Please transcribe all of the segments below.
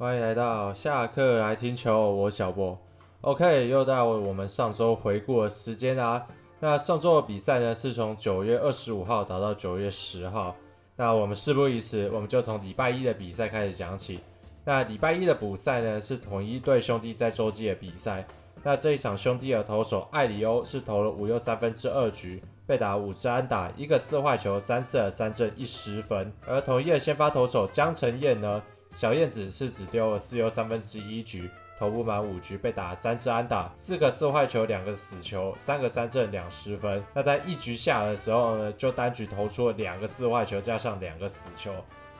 歡迎來到下課來聽球，我是小柏。OK，又到了我們上周回顧的時間啦，啊。那上周的比賽呢，是從九月二十五號打到十月一號。那我們事不宜遲，我們就從禮拜一的比賽開始講起。那禮拜一的補賽呢，是統一對兄弟在洲際的比賽。那這一場兄弟的投手艾里歐是投了五又三分之二局，被打五支安打，一個四壞球，三次三振，一十分。而統一的先發投手江辰晏呢？小燕子，是只丟了四又三分之一局，投不滿五局，被打了三次安打，四個四壞球，兩個死球，三個三振，兩失分。那在一局下的時候呢，就單局投出了兩個四壞球加上兩個死球，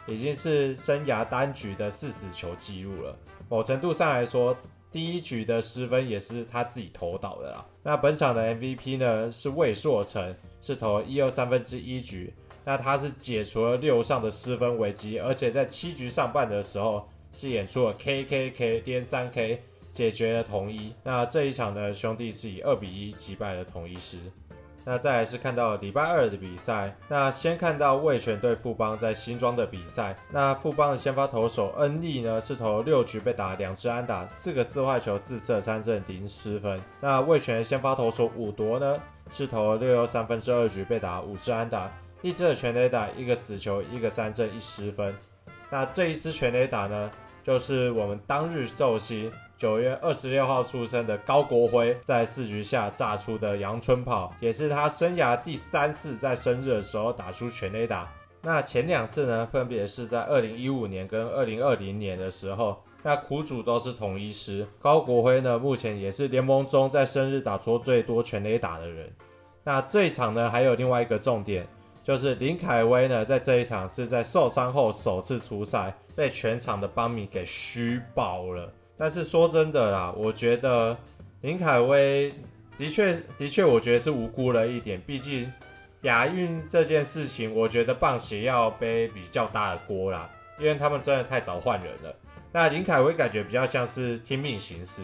已經是生涯單局的四死球記錄了。某程度上來說，第一局的失分也是他自己投倒的啦。那本場的 MVP 呢，是魏碩成，是投一又三分之一局。那他是解除了六上的失分危機，而且在七局上半的時候是演出了 K K K 顛三 K 解決了統一。那這一場呢，兄弟是以二比一擊敗了統一獅。那再來是看到禮拜二的比賽，那先看到味全對富邦在新莊的比賽。那富邦的先發投手恩利、e、呢是投六局被打兩支安打，四個四壞球四次三振零失分。那味全先發投手伍鐸呢是投六又三分之二局被打五支安打。一支的全壘打，一個死球，一個三振，一失分。那這一支全壘打呢，就是我們當日壽星九月二十六號出生的高國輝，在四局下炸出的陽春炮，也是他生涯第三次在生日的時候打出全壘打。那前兩次呢，分別是在二零一五年跟二零二零年的時候，那苦主都是統一獅。高國輝呢，目前也是聯盟中在生日打出最多全壘打的人。那這一場呢，還有另外一個重點。就是林凱威呢，在這一場是在受傷後首次出賽，被全場的棒迷給噓爆了。但是說真的啦，我覺得林凱威的確的確，我覺得是無辜了一點。畢竟亞運這件事情，我覺得棒協要背比較大的鍋啦，因為他們真的太早換人了。那林凱威感覺比較像是聽命行事，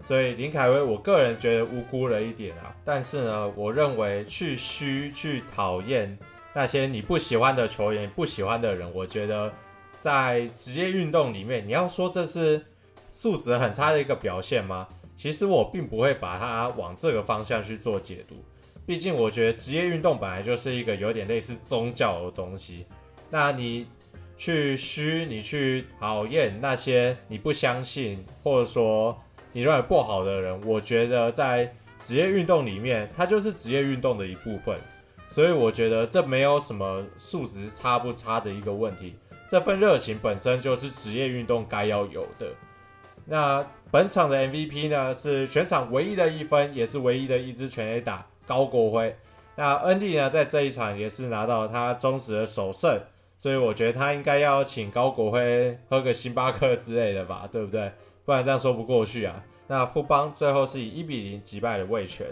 所以林凱威我個人覺得無辜了一點啊。但是呢，我認為去噓去討厭那些你不喜歡的球員、不喜歡的人，我覺得在職業運動裡面，你要說這是素質很差的一個表現嗎？其實我並不會把它往這個方向去做解讀。畢竟我覺得職業運動本來就是一個有點類似宗教的東西。那你去噓，你去討厭那些你不相信或者說你認為不好的人，我覺得在職業運動裡面，它就是職業運動的一部分。所以我覺得這沒有什麼素質差不差的一個問題，這份熱情本身就是職業運動該要有的。那本場的 MVP 呢，是全場唯一的一分，也是唯一的一支全壘打高國輝。那恩 d 呢，在這一場也是拿到他中職的首勝，所以我覺得他應該要請高國輝喝個星巴克之類的吧，對不對？不然這樣說不過去啊。那富邦最後是以一比零擊敗了味全。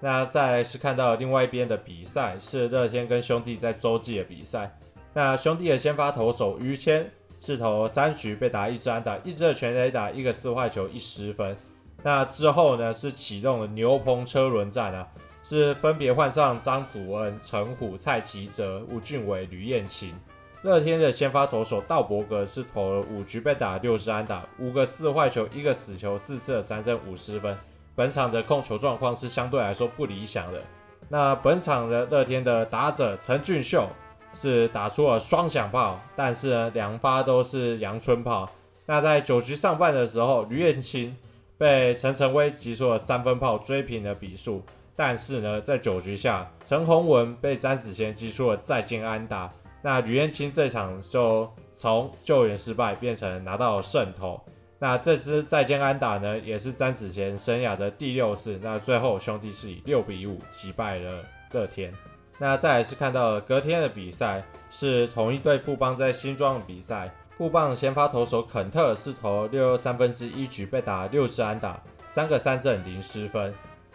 那再來是看到另外一邊的比賽，是樂天跟兄弟在洲際的比賽。那兄弟的先發投手余謙是投了三局，被打一支安打，一支的全壘打，一個四壞球，一失分。那之後呢，是啟動了牛棚車輪戰啊，是分別換上張祖恩、陳琥、蔡齊哲、吳俊偉、呂彥青。樂天的先發投手道伯格是投了五局，被打六支安打，五個四壞球，一個死球，四次三振，五失分。本場的控球狀況是相對來說不理想的。那本場的樂天的打者陳俊秀是打出了雙響炮，但是呢，兩發都是陽春炮。那在九局上半的時候，呂彥青被陳晨威擊出了三分炮，追平了比數，但是呢，在九局下，陳宏文被詹子賢擊出了再見安打。那呂彥青這場就從救援失敗變成了拿到勝投。那這支再見安打呢，也是詹子賢生涯的第六次。那最後兄弟是以六比五擊敗了樂天。那再來是看到了隔天的比賽，是統一隊富邦在新莊的比賽。富邦先發投手肯特是投六又三分之一局被打六支安打，三個三振零失分。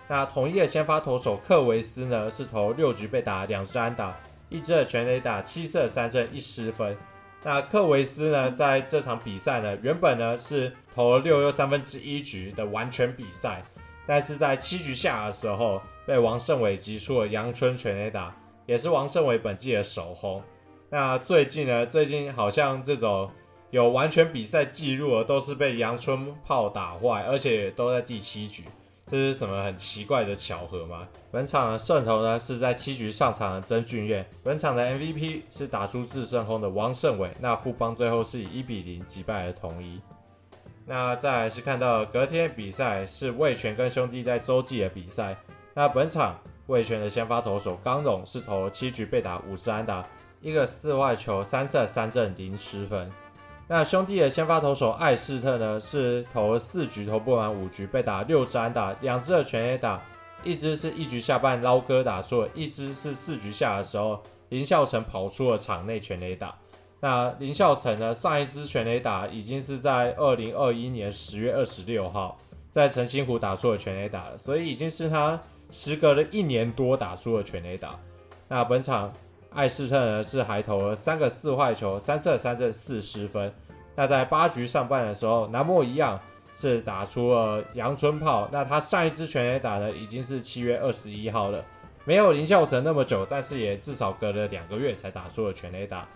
那統一的先發投手克維斯呢是投六局被打兩支安打，一支全壘打，七次三振一失分。那克維斯呢，在這場比賽呢，原本呢是投了六又三分之一局的完全比賽，但是在七局下的時候，被王勝偉擊出了陽春全壘打，也是王勝偉本季的首轟。那最近呢，最近好像這種有完全比賽記錄的，都是被陽春炮打壞，而且都在第七局。這是什麼很奇怪的巧合嗎？本場的勝投呢是在七局上場的曾俊彥。本場的 MVP 是打出致勝轟的王勝偉。那富邦最後是以一比零擊敗了統一。那再來是看到隔天的比賽是味全跟兄弟在洲際的比賽。那本場味全的先發投手剛隆是投七局被打五支安打，一個四壞球三次三振零失分。那兄弟的先發投手艾士特呢，是投了四局投不滿五局，被打六支安打，兩支的全壘打，一支是一局下半撈哥打錯，一支是四局下的時候林孝成跑出了場內全壘打。那林孝成呢，上一支全壘打已經是在二零二一年十月二十六號在澄清湖打出了全壘打了，所以已經是他時隔了一年多打出了全壘打。那本場。艾斯特呢是還投了三個四壞球，三勝三振四失分。那在八局上半的時候，南莫一樣是打出了陽春炮。那他上一支全壘打呢已經是七月二十一號了，沒有林孝成那麼久，但是也至少隔了兩個月才打出了全壘打。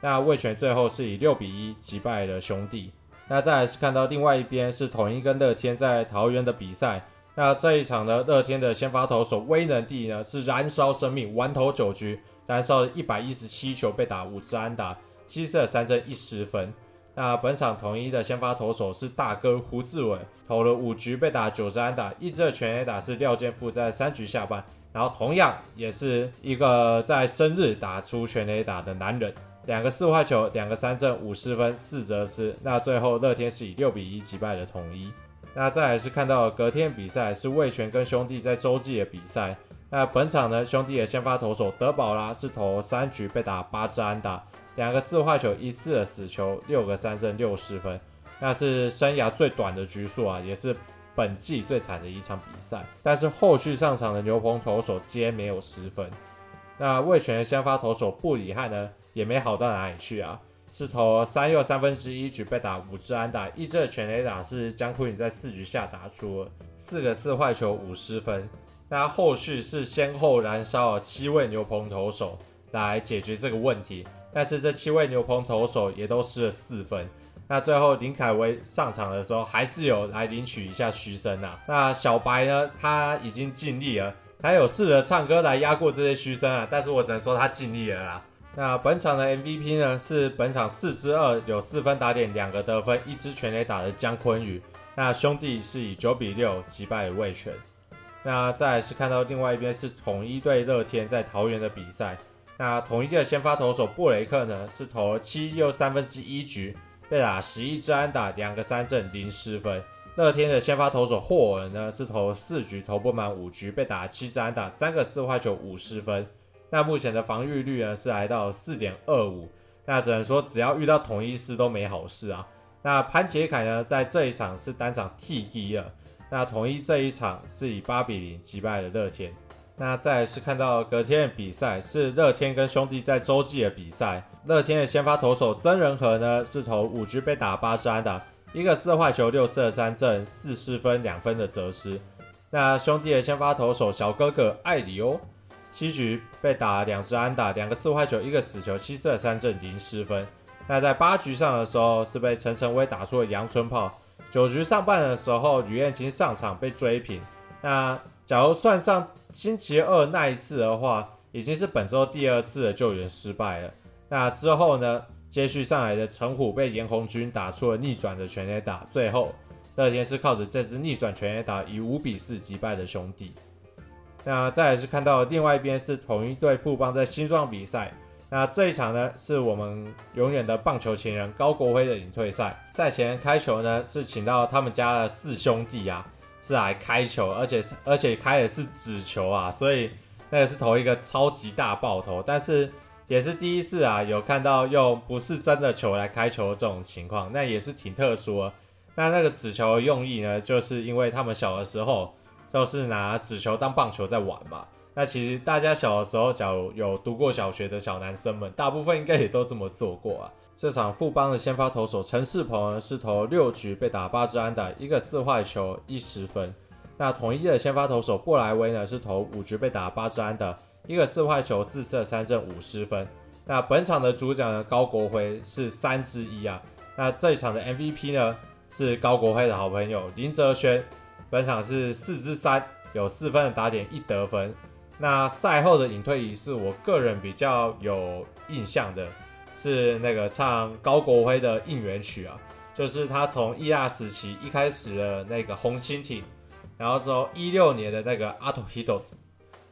那味全最後是以六比一擊敗了兄弟。那再來是看到另外一邊是統一跟樂天在桃園的比賽。那這一場呢，樂天的先發投手威能帝呢是燃燒生命完投九局。燃燒了一百一十七球，被打五支安打，七支的三振，一失分。那本場統一的先發投手是大哥胡志偉，投了五局，被打九支安打，一支的全壘打是廖健富在三局下半。然後同樣也是一個在生日打出全壘打的男人，兩個四壞球，兩個三振，五失分，四責失。那最後樂天是以六比一擊敗了統一。那再來是看到隔天比賽是味全跟兄弟在洲際的比賽。那本場呢，兄弟的先發投手德保拉是投三局，被打八支安打，兩個四壞球，一次的死球，六個三勝六十分，那是生涯最短的局數啊，也是本季最慘的一場比賽。但是後續上場的牛棚投手皆沒有失分。那魏權的先發投手布里漢呢，也沒好到哪裡去啊，是投三又三分之一局，被打五支安打，一的全壘打是江戶影在四局下打出了，四個四壞球，五十分，那後續是先後燃燒了七位牛棚投手來解決這個問題，但是這七位牛棚投手也都失了四分。那最後林凱威上場的時候，還是有來領取一下噓聲啊。那小白呢，他已經盡力了，他有試着唱歌來壓過這些噓聲啊，但是我只能說他盡力了啦。那本場的 MVP 呢，是本場四支二有四分打點，兩個得分，一支全壘打的江坤宇。那兄弟是以九比六擊敗了味全。那再來是看到另外一邊是統一隊樂天在桃園的比賽。那統一隊的先发投手布雷克呢，是投七又三分之一局，被打十一支安打，兩個三振，零失分。樂天的先发投手霍爾呢，是投四局，投不滿五局，被打七支安打，三個四壞球，五失分。那目前的防御率呢，是來到四點二五。那只能說，只要遇到統一獅都沒好事啊。那潘杰凱呢，在這一場是單場替一了。那統一這一場是以八比零擊敗了樂天。那再來是看到隔天的比賽是樂天跟兄弟在洲際的比賽。樂天的先發投手曾仁和呢，是投五局，被打八支安打，一個四壞球六四三振，四失分，兩分的責失。那兄弟的先發投手小哥哥艾里歐、哦、七局被打兩支安打，兩個四壞球，一個死球，七四三振，零失分。那在八局上的時候是被陳晨威打出了陽春炮。九局上半的時候，呂彥青上場被追平。那假如算上星期二那一次的話，已經是本周第二次的救援失敗了。那之後呢，接續上來的陳琥被嚴宏鈞打出了逆轉的全壘打，最後樂天是靠着這支逆轉全壘打以五比四擊敗的兄弟。那再來是看到另外一邊是同一隊富邦在新莊比賽。那這一場呢，是我們永遠的棒球情人高國輝的引退賽。賽前開球呢，是請到他們家的四兄弟啊，是來開球，而且而且開的是紙球啊，所以那個是投一個超級大爆頭，但是也是第一次啊，有看到用不是真的球來開球這種情況，那也是挺特殊啊。那那個紙球的用意呢，就是因為他們小的時候，就是拿紙球當棒球在玩嘛。那其實大家小的時候，假如有讀過小學的小男生們，大部分應該也都這麼做過啊。這場富邦的先發投手陳世鵬呢，是投六局被打八支安打，一個四壞球一失分。那統一的先發投手布萊威呢，是投五局被打八支安打，一個四壞球四次三振五失分。那本場的主角呢，高國輝是三之一啊。那這一場的 MVP 呢，是高國輝的好朋友林哲瑄。本場是四之三，有四分的打點一得分。那賽後的引退儀式，我個人比較有印象的，是那個唱高國輝的應援曲啊，就是他從義大時期一開始的那個紅蜻蜓，然後之後一六年的那個阿托 hitos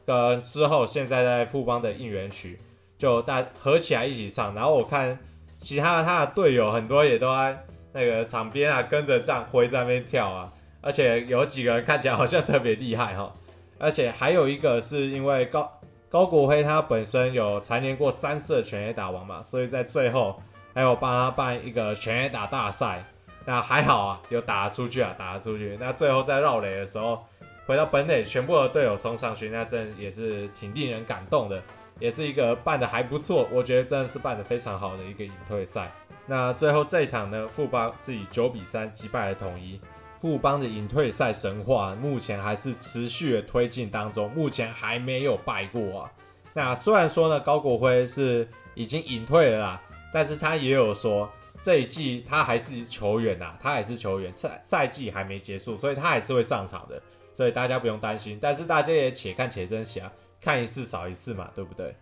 跟之後現在在富邦的應援曲，就大合起來一起唱。然後我看其他的他的隊友很多也都在那個場邊啊，跟着張輝在那邊跳啊，而且有幾個人看起來好像特別厲害哈。而且還有一個是因為高高國輝他本身有蟬聯過三次的全壘打王嘛，所以在最後還有幫他辦一個全壘打大賽，那還好啊，有打出去啊，打出去。那最後在繞壘的時候回到本壘，全部的隊友衝上去，那真也是挺令人感動的，也是一個辦的還不錯，我覺得真的是辦的非常好的一個引退賽。那最後這一場呢，富邦是以九比三擊敗了統一。富邦的引退賽神話目前還是持續的推進當中，目前還沒有敗過啊。那雖然說呢，高國輝是已經引退了啦，但是他也有說這一季他還是球員吶，他還是球員，賽賽季還沒結束，所以他還是會上場的，所以大家不用擔心。但是大家也且看且珍惜啊，看一次少一次嘛，對不對？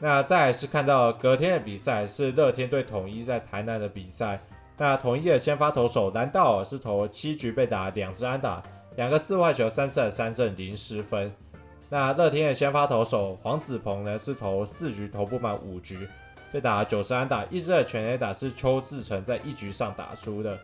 那再來是看到隔天的比賽，是樂天隊統一在台南的比賽。那統一的先發投手藍道爾是投七局被打兩支安打，兩個四壞球三次的三振零失分。那樂天的先發投手黃子鵬呢是投四局投不滿五局，被打九十安打一支的全壘打是邱志成在一局上打出的。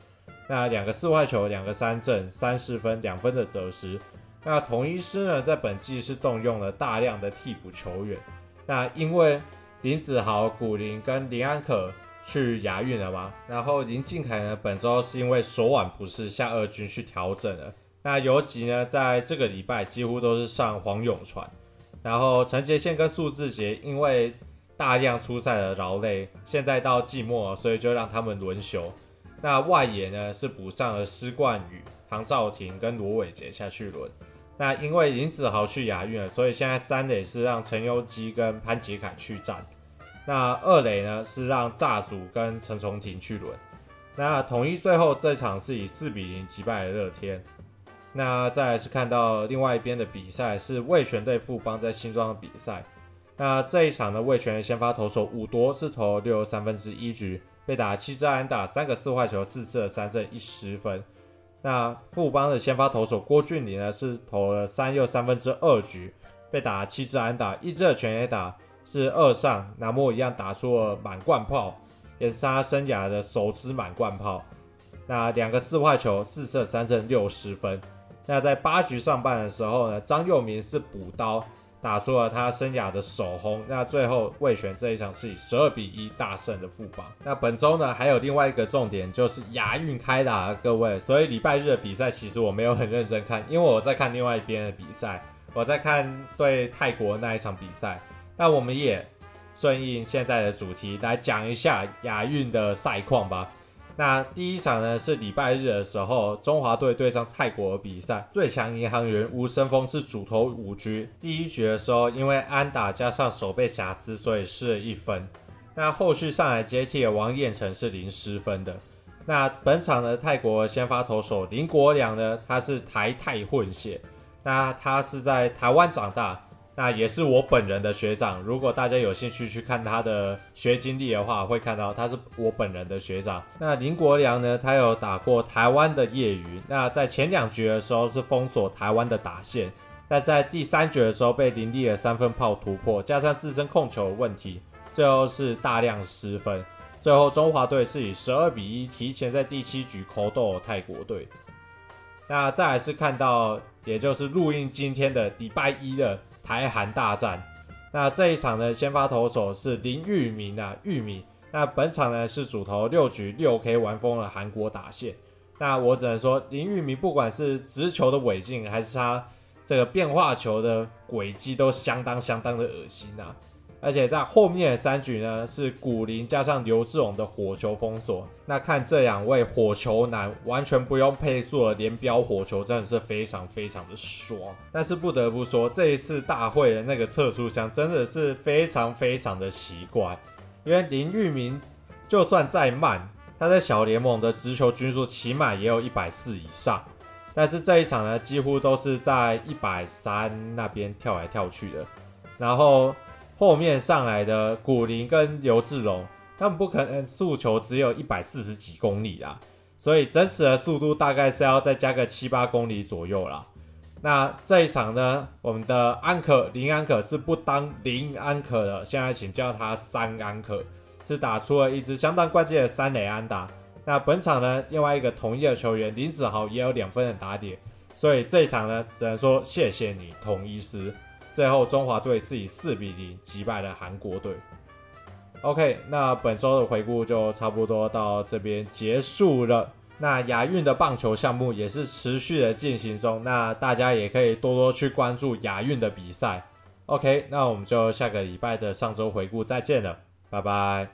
那兩個四壞球兩個三振三失分兩分的責失。那統一獅呢在本季是動用了大量的替補球員。那因為林子豪、古林跟林安可。去亞運了嗎？然後林靖凱呢，本周是因為昨晚不是下二軍去調整了。那尤其呢，在這個禮拜幾乎都是上黃永傳。然後陳傑憲跟數字傑因為大量出賽的勞累，現在到季末，所以就讓他們輪休。那外野呢，是補上了施冠宇、唐兆庭跟羅偉傑下去輪。那因為林子豪去亞運了，所以現在三壘是讓陳優基跟潘傑凱去戰。那二壘呢，是讓炸竹跟陳重廷去輪。那統一最後這場是以四比零擊敗了樂天。那再來是看到另外一邊的比賽，是味全對富邦在新莊的比賽。那這一場呢，味全的先發投手武鐸是投六又三分之一局，被打七支安打，三個四壞球，四次的三振，一失分。那富邦的先發投手郭俊麟呢，是投了三又三分之二局，被打七支安打，一支的全壘打。是二上，那我一樣打出了滿貫炮，也是他生涯的首支滿貫炮。那兩個四壞球，四射三正六十分。那在八局上半的時候呢，張佑明是補刀，打出了他生涯的首轟。那最後味全這一場是以十二比一大勝的富邦。那本週呢，還有另外一個重點就是亞運開打，各位。所以禮拜日的比賽其實我沒有很認真看，因為我在看另外一邊的比賽，我在看對泰國的那一場比賽。那我們也順應現在的主題來講一下亞運的賽況吧。那第一場呢，是禮拜日的時候，中華隊對上泰國的比賽。最強銀行員吳昇峰是主投五局，第一局的時候因為安打加上守備瑕疵，所以失了一分。那後續上來接替王彥程是零失分的。那本場的泰國先發投手林國良呢，他是台泰混血，那他是在台灣長大。那也是我本人的學長，如果大家有興趣去看他的學經歷的話，會看到他是我本人的學長。那林國良呢，他有打過台灣的業餘。那在前兩局的時候是封鎖台灣的打線，但在第三局的時候被林立的三分炮突破，加上自身控球的問題，最後是大量失分。最後中華隊是以十二比一提前在第七局 KO 了泰國隊。那再來是看到，也就是錄音今天的禮拜一的。台韓大戰，那這一場呢，先發投手是林玉明啊，玉明。那本場呢是主投六局六 K，玩瘋了韓國打線。那我只能說，林玉明不管是直球的尾勁，還是他這個變化球的軌跡，都相當相當的惡心吶、啊。而且在後面的三局呢，是古林加上劉志勇的火球封鎖。那看這兩位火球男，完全不用配速的連飆火球真的是非常非常的爽。但是不得不說，這一次大會的那個測速箱真的是非常非常的奇怪。因為林玉明就算再慢，他在小聯盟的直球均速起碼也有一百四以上，但是這一場呢，幾乎都是在一百三那邊跳來跳去的，然後。後面上來的古林跟劉志榮，他們不可能速球只有一百四十幾公里啦，所以真實的速度大概是要再加個七八公里左右啦。那這一場呢，我們的安可林安可是不當零安可的，現在請叫他三安可，是打出了一支相當關鍵的三壘安打。那本場呢，另外一個統一的球員林子豪也有兩分的打點，所以這一場呢，只能說謝謝你，統一獅。最後，中華隊是以四比零擊敗了韓國隊。OK，那本周的回顧就差不多到這邊結束了。那亞運的棒球項目也是持續的進行中，那大家也可以多多去關注亞運的比賽。OK，那我們就下個禮拜的上周回顧再見了，拜拜。